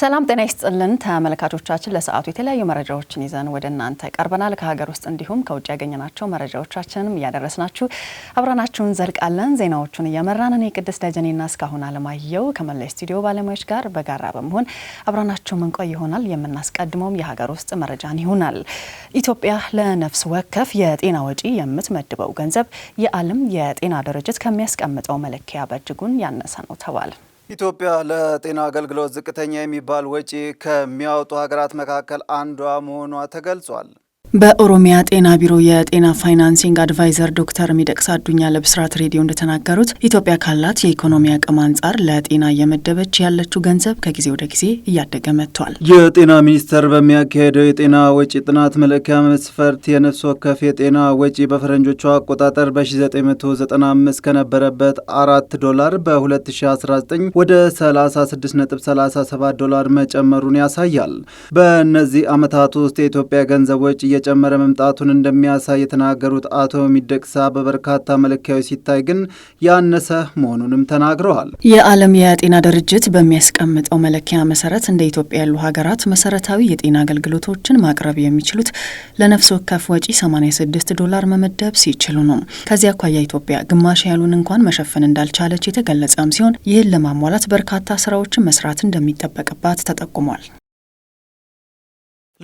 ሰላም ጤና ይስጥልን ተመልካቾቻችን፣ ለሰዓቱ የተለያዩ መረጃዎችን ይዘን ወደ እናንተ ቀርበናል። ከሀገር ውስጥ እንዲሁም ከውጭ ያገኘናቸው መረጃዎቻችንም እያደረስናችሁ አብረናችሁን ዘልቃለን። ዜናዎቹን እየመራን እኔ ቅድስት ደጀኔና እስካሁን አለማየሁ ከመላይ ስቱዲዮ ባለሙያዎች ጋር በጋራ በመሆን አብረናችሁ ምንቆይ ይሆናል። የምናስቀድመውም የሀገር ውስጥ መረጃን ይሆናል። ኢትዮጵያ ለነፍስ ወከፍ የጤና ወጪ የምትመድበው ገንዘብ የዓለም የጤና ድርጅት ከሚያስቀምጠው መለኪያ በእጅጉን ያነሰ ነው ተባለ። ኢትዮጵያ ለጤና አገልግሎት ዝቅተኛ የሚባል ወጪ ከሚያወጡ ሀገራት መካከል አንዷ መሆኗ ተገልጿል። በኦሮሚያ ጤና ቢሮ የጤና ፋይናንሲንግ አድቫይዘር ዶክተር ሚደቅሳ አዱኛ ለብስራት ሬዲዮ እንደተናገሩት ኢትዮጵያ ካላት የኢኮኖሚ አቅም አንጻር ለጤና እየመደበች ያለችው ገንዘብ ከጊዜ ወደ ጊዜ እያደገ መጥቷል። የጤና ሚኒስቴር በሚያካሄደው የጤና ወጪ ጥናት መለኪያ መስፈርት የነፍስ ወከፍ የጤና ወጪ በፈረንጆቹ አቆጣጠር በ1995 ከነበረበት አራት ዶላር በ2019 ወደ 36.37 ዶላር መጨመሩን ያሳያል። በእነዚህ ዓመታት ውስጥ የኢትዮጵያ ገንዘብ ወጪ እየጨመረ መምጣቱን እንደሚያሳይ የተናገሩት አቶ ሚደቅሳ በበርካታ መለኪያዎች ሲታይ ግን ያነሰ መሆኑንም ተናግረዋል። የዓለም የጤና ድርጅት በሚያስቀምጠው መለኪያ መሰረት እንደ ኢትዮጵያ ያሉ ሀገራት መሰረታዊ የጤና አገልግሎቶችን ማቅረብ የሚችሉት ለነፍስ ወከፍ ወጪ 86 ዶላር መመደብ ሲችሉ ነው። ከዚያ አኳያ ኢትዮጵያ ግማሽ ያሉን እንኳን መሸፈን እንዳልቻለች የተገለጸም ሲሆን ይህን ለማሟላት በርካታ ስራዎችን መስራት እንደሚጠበቅባት ተጠቁሟል።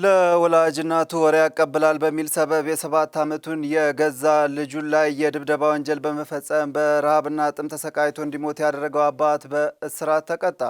ለወላጅ እናቱ ወሬ ያቀብላል በሚል ሰበብ የሰባት ዓመቱን የገዛ ልጁን ላይ የድብደባ ወንጀል በመፈጸም በረሃብና ጥም ተሰቃይቶ እንዲሞት ያደረገው አባት በእስራት ተቀጣ።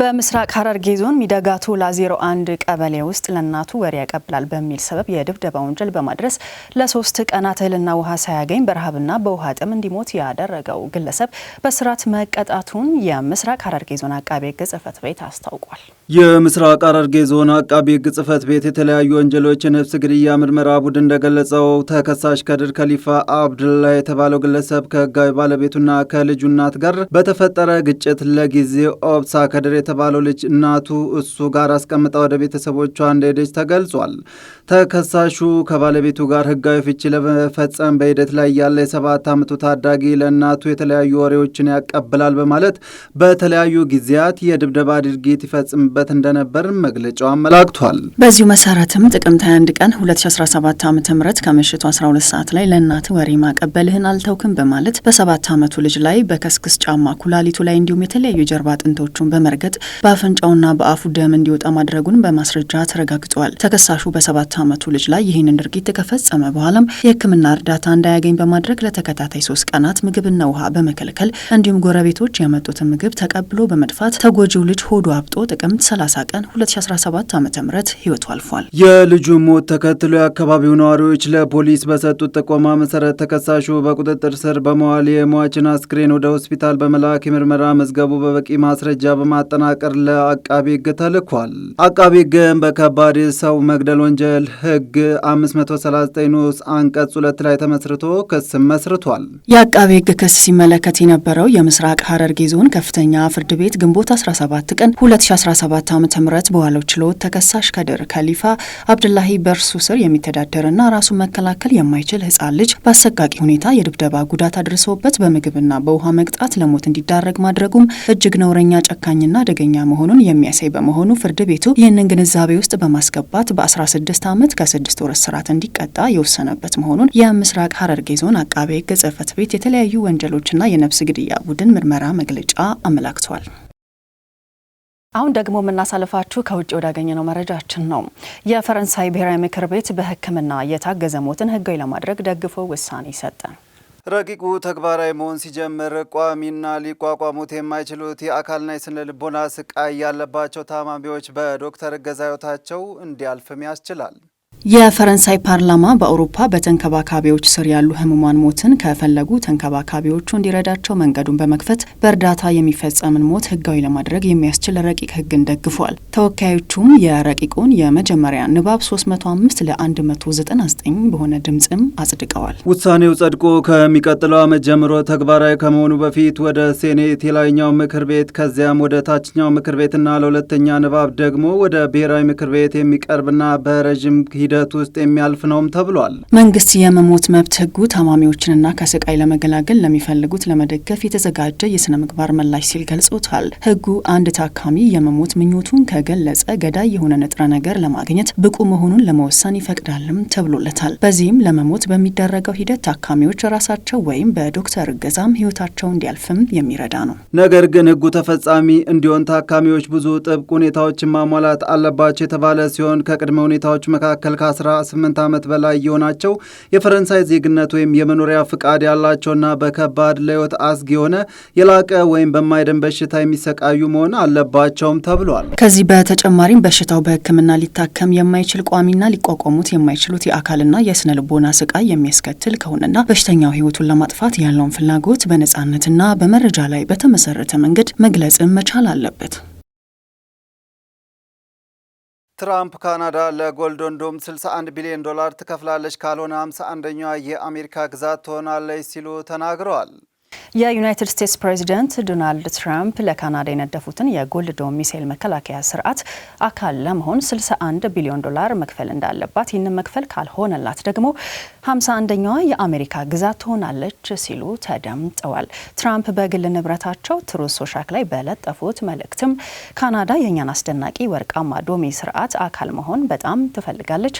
በምስራቅ ሐረርጌ ዞን ሚደጋ ቶላ 01 ቀበሌ ውስጥ ለእናቱ ወሬ ያቀብላል በሚል ሰበብ የድብደባ ወንጀል በማድረስ ለሶስት ቀናት እህልና ውሃ ሳያገኝ በረሃብና በውሃ ጥም እንዲሞት ያደረገው ግለሰብ በስርዓት መቀጣቱን የምስራቅ ሐረርጌ ዞን አቃቤ ሕግ ጽሕፈት ቤት አስታውቋል። የምስራቅ ሐረርጌ ዞን አቃቤ ሕግ ጽሕፈት ቤት የተለያዩ ወንጀሎች የነፍስ ግድያ ምርመራ ቡድን እንደገለጸው ተከሳሽ ከድር ከሊፋ አብድላ የተባለው ግለሰብ ከህጋዊ ባለቤቱና ከልጁ እናት ጋር በተፈጠረ ግጭት ለጊዜ ኦብሳ ከድር የተባለው ልጅ እናቱ እሱ ጋር አስቀምጣ ወደ ቤተሰቦቿ እንደሄደች ተገልጿል። ተከሳሹ ከባለቤቱ ጋር ህጋዊ ፍቺ ለመፈጸም በሂደት ላይ ያለ የሰባት ዓመቱ ታዳጊ ለእናቱ የተለያዩ ወሬዎችን ያቀብላል በማለት በተለያዩ ጊዜያት የድብደባ ድርጊት ይፈጽምበት እንደነበር መግለጫው አመላክቷል። በዚሁ መሰረትም ጥቅምት 21 ቀን 2017 ዓ ም ከምሽቱ 12 ሰዓት ላይ ለእናት ወሬ ማቀበልህን አልተውክም በማለት በሰባት ዓመቱ ልጅ ላይ በከስክስ ጫማ ኩላሊቱ ላይ እንዲሁም የተለያዩ የጀርባ አጥንቶቹን በመርገጥ በማመልከት በአፍንጫውና በአፉ ደም እንዲወጣ ማድረጉን በማስረጃ ተረጋግጧል። ተከሳሹ በሰባት ዓመቱ ልጅ ላይ ይህንን ድርጊት ከፈጸመ በኋላም የሕክምና እርዳታ እንዳያገኝ በማድረግ ለተከታታይ ሶስት ቀናት ምግብና ውሃ በመከልከል እንዲሁም ጎረቤቶች ያመጡትን ምግብ ተቀብሎ በመድፋት ተጎጂው ልጅ ሆዶ አብጦ ጥቅምት 30 ቀን 2017 ዓ ም ህይወቱ አልፏል። የልጁ ሞት ተከትሎ የአካባቢው ነዋሪዎች ለፖሊስ በሰጡት ጥቆማ መሰረት ተከሳሹ በቁጥጥር ስር በመዋል የሟችን አስክሬን ወደ ሆስፒታል በመላክ የምርመራ መዝገቡ በበቂ ማስረጃ በማጠ ለማጠናቀር ለአቃቢ ህግ ተልኳል። አቃቢ ሕግም በከባድ ሰው መግደል ወንጀል ህግ 539 ንዑስ አንቀጽ ሁለት ላይ ተመስርቶ ክስ መስርቷል። የአቃቢ ህግ ክስ ሲመለከት የነበረው የምስራቅ ሐረርጌ ዞን ከፍተኛ ፍርድ ቤት ግንቦት 17 ቀን 2017 ዓ ም በዋለው ችሎት ተከሳሽ ከድር ከሊፋ አብድላሂ በእርሱ ስር የሚተዳደርና ራሱን መከላከል የማይችል ህፃን ልጅ በአሰቃቂ ሁኔታ የድብደባ ጉዳት አድርሶበት በምግብና በውሃ መቅጣት ለሞት እንዲዳረግ ማድረጉም እጅግ ነውረኛ ጨካኝና አደገኛ መሆኑን የሚያሳይ በመሆኑ ፍርድ ቤቱ ይህንን ግንዛቤ ውስጥ በማስገባት በ16 ዓመት ከ6 ወር እስራት እንዲቀጣ የወሰነበት መሆኑን የምስራቅ ሐረርጌ ዞን አቃቤ ሕግ ጽህፈት ቤት የተለያዩ ወንጀሎችና የነፍስ ግድያ ቡድን ምርመራ መግለጫ አመላክቷል። አሁን ደግሞ የምናሳልፋችሁ ከውጭ ወዳገኘነው መረጃችን ነው። የፈረንሳይ ብሔራዊ ምክር ቤት በሕክምና የታገዘ ሞትን ሕጋዊ ለማድረግ ደግፎ ውሳኔ ሰጠ። ረቂቁ ተግባራዊ መሆን ሲጀምር ቋሚና ሊቋቋሙት የማይችሉት የአካልና የስነ ልቦና ስቃይ ያለባቸው ታማሚዎች በዶክተር እገዛ ሕይወታቸው እንዲያልፍም ያስችላል። የፈረንሳይ ፓርላማ በአውሮፓ በተንከባካቢዎች ስር ያሉ ህሙማን ሞትን ከፈለጉ ተንከባካቢዎቹ እንዲረዳቸው መንገዱን በመክፈት በእርዳታ የሚፈጸምን ሞት ህጋዊ ለማድረግ የሚያስችል ረቂቅ ህግን ደግፏል። ተወካዮቹም የረቂቁን የመጀመሪያ ንባብ 305 ለ199 ዘጠኝ በሆነ ድምፅም አጽድቀዋል። ውሳኔው ጸድቆ ከሚቀጥለው ዓመት ጀምሮ ተግባራዊ ከመሆኑ በፊት ወደ ሴኔት የላይኛው ምክር ቤት ከዚያም ወደ ታችኛው ምክር ቤትና ለሁለተኛ ንባብ ደግሞ ወደ ብሔራዊ ምክር ቤት የሚቀርብና በረዥም ሂደት ውስጥ የሚያልፍ ነውም ተብሏል። መንግስት የመሞት መብት ህጉ ታማሚዎችንና ከስቃይ ለመገላገል ለሚፈልጉት ለመደገፍ የተዘጋጀ የስነ ምግባር ምላሽ ሲል ገልጾታል። ህጉ አንድ ታካሚ የመሞት ምኞቱን ከገለጸ ገዳይ የሆነ ንጥረ ነገር ለማግኘት ብቁ መሆኑን ለመወሰን ይፈቅዳልም ተብሎለታል። ይገኙበታል። በዚህም ለመሞት በሚደረገው ሂደት ታካሚዎች ራሳቸው ወይም በዶክተር እገዛም ህይወታቸው እንዲያልፍም የሚረዳ ነው። ነገር ግን ህጉ ተፈጻሚ እንዲሆን ታካሚዎች ብዙ ጥብቅ ሁኔታዎችን ማሟላት አለባቸው የተባለ ሲሆን ከቅድመ ሁኔታዎች መካከል ከ18 ዓመት በላይ የሆናቸው የፈረንሳይ ዜግነት ወይም የመኖሪያ ፍቃድ ያላቸውና በከባድ ለህይወት አስጊ የሆነ የላቀ ወይም በማይደን በሽታ የሚሰቃዩ መሆን አለባቸውም ተብሏል። ከዚህ በተጨማሪም በሽታው በህክምና ሊታከም የማይችል ቋሚና ሊቋቋሙት የማይችሉት የአካል የአካልና የስነ ልቦና ስቃይ የሚያስከትል ከሆነና በሽተኛው ህይወቱን ለማጥፋት ያለውን ፍላጎት በነጻነትና በመረጃ ላይ በተመሰረተ መንገድ መግለጽም መቻል አለበት። ትራምፕ ካናዳ ዶም 61 ቢሊዮን ዶላር ትከፍላለች፣ ካልሆነ 51ኛዋ የአሜሪካ ግዛት ትሆናለች ሲሉ ተናግረዋል። የዩናይትድ ስቴትስ ፕሬዚደንት ዶናልድ ትራምፕ ለካናዳ የነደፉትን የጎልድ ዶም ሚሳኤል መከላከያ ስርዓት አካል ለመሆን 61 ቢሊዮን ዶላር መክፈል እንዳለባት፣ ይህንን መክፈል ካልሆነላት ደግሞ 51ኛዋ የአሜሪካ ግዛት ትሆናለች ሲሉ ተደምጠዋል። ትራምፕ በግል ንብረታቸው ትሩዝ ሶሻክ ላይ በለጠፉት መልእክትም ካናዳ የእኛን አስደናቂ ወርቃማ ዶሚ ስርዓት አካል መሆን በጣም ትፈልጋለች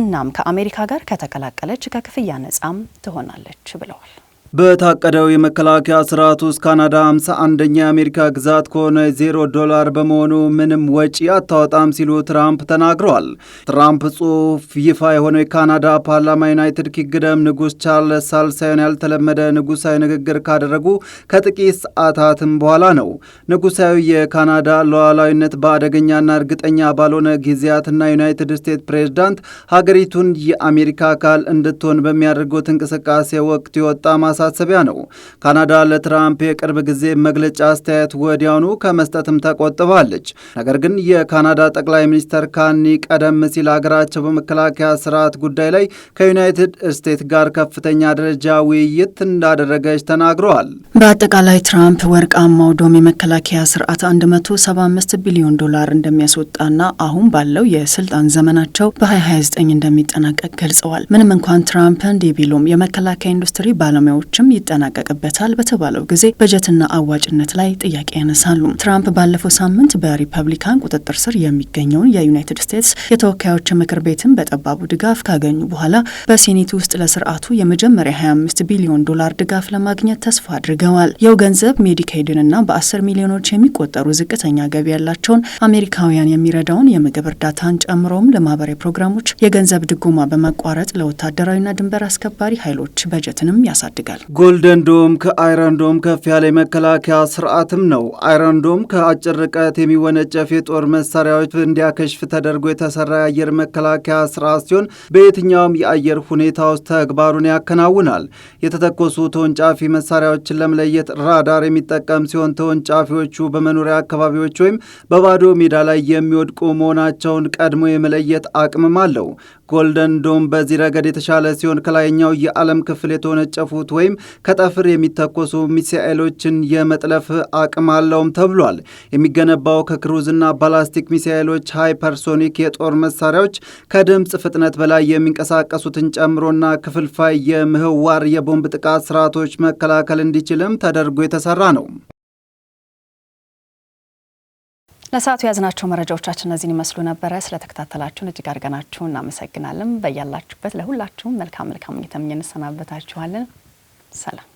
እናም ከአሜሪካ ጋር ከተቀላቀለች ከክፍያ ነጻም ትሆናለች ብለዋል። በታቀደው የመከላከያ ስርዓት ውስጥ ካናዳ 51 አንደኛ የአሜሪካ ግዛት ከሆነ ዜሮ ዶላር በመሆኑ ምንም ወጪ አታወጣም ሲሉ ትራምፕ ተናግረዋል። ትራምፕ ጽሑፍ ይፋ የሆነው የካናዳ ፓርላማ ዩናይትድ ኪንግደም ንጉሥ ቻርልስ ሳልሳዮን ያልተለመደ ንጉሳዊ ንግግር ካደረጉ ከጥቂት ሰዓታትም በኋላ ነው። ንጉሳዊ የካናዳ ሉዓላዊነት በአደገኛና እርግጠኛ ባልሆነ ጊዜያትና ዩናይትድ ስቴትስ ፕሬዝዳንት ሀገሪቱን የአሜሪካ አካል እንድትሆን በሚያደርጉት እንቅስቃሴ ወቅት የወጣ ማሳ ማሳሰቢያ ነው። ካናዳ ለትራምፕ የቅርብ ጊዜ መግለጫ አስተያየት ወዲያውኑ ከመስጠትም ተቆጥባለች። ነገር ግን የካናዳ ጠቅላይ ሚኒስተር ካኒ ቀደም ሲል አገራቸው በመከላከያ ስርዓት ጉዳይ ላይ ከዩናይትድ ስቴትስ ጋር ከፍተኛ ደረጃ ውይይት እንዳደረገች ተናግረዋል። በአጠቃላይ ትራምፕ ወርቃማው ዶም የመከላከያ ስርዓት 175 ቢሊዮን ዶላር እንደሚያስወጣና አሁን ባለው የስልጣን ዘመናቸው በ2029 እንደሚጠናቀቅ ገልጸዋል። ምንም እንኳን ትራምፕ እንዲህ ቢሉም የመከላከያ ኢንዱስትሪ ባለሙያዎች ውይይቶችም ይጠናቀቅበታል በተባለው ጊዜ በጀትና አዋጭነት ላይ ጥያቄ ያነሳሉ። ትራምፕ ባለፈው ሳምንት በሪፐብሊካን ቁጥጥር ስር የሚገኘውን የዩናይትድ ስቴትስ የተወካዮች ምክር ቤትን በጠባቡ ድጋፍ ካገኙ በኋላ በሴኔት ውስጥ ለስርዓቱ የመጀመሪያ 25 ቢሊዮን ዶላር ድጋፍ ለማግኘት ተስፋ አድርገዋል። ይኸው ገንዘብ ሜዲካይድንና በ10 ሚሊዮኖች የሚቆጠሩ ዝቅተኛ ገቢ ያላቸውን አሜሪካውያን የሚረዳውን የምግብ እርዳታን ጨምሮም ለማህበራዊ ፕሮግራሞች የገንዘብ ድጎማ በማቋረጥ ለወታደራዊና ድንበር አስከባሪ ኃይሎች በጀትንም ያሳድጋል። ይገኛል። ጎልደን ዶም ከአይረን ዶም ከፍ ያለ የመከላከያ ስርዓትም ነው። አይረን ዶም ከአጭር ርቀት የሚወነጨፍ የጦር መሳሪያዎች እንዲያከሽፍ ተደርጎ የተሰራ የአየር መከላከያ ስርዓት ሲሆን በየትኛውም የአየር ሁኔታ ውስጥ ተግባሩን ያከናውናል። የተተኮሱ ተወንጫፊ መሳሪያዎችን ለመለየት ራዳር የሚጠቀም ሲሆን ተወንጫፊዎቹ በመኖሪያ አካባቢዎች ወይም በባዶ ሜዳ ላይ የሚወድቁ መሆናቸውን ቀድሞ የመለየት አቅምም አለው። ጎልደን ዶም በዚህ ረገድ የተሻለ ሲሆን ከላይኛው የዓለም ክፍል የተወነጨፉት ወይም ወይም ከጠፍር የሚተኮሱ ሚሳኤሎችን የመጥለፍ አቅም አለውም ተብሏል። የሚገነባው ከክሩዝና ባላስቲክ ሚሳኤሎች፣ ሃይፐርሶኒክ የጦር መሳሪያዎች፣ ከድምፅ ፍጥነት በላይ የሚንቀሳቀሱትን ጨምሮና ክፍልፋይ የምህዋር የቦምብ ጥቃት ስርዓቶች መከላከል እንዲችልም ተደርጎ የተሰራ ነው። ለሰዓቱ የያዝናቸው መረጃዎቻችን እነዚህን ይመስሉ ነበረ። ስለተከታተላችሁን እጅግ አድርገናችሁ እናመሰግናለን። በያላችሁበት ለሁላችሁም መልካም መልካም እየተመኘን እንሰናበታችኋለን። سلام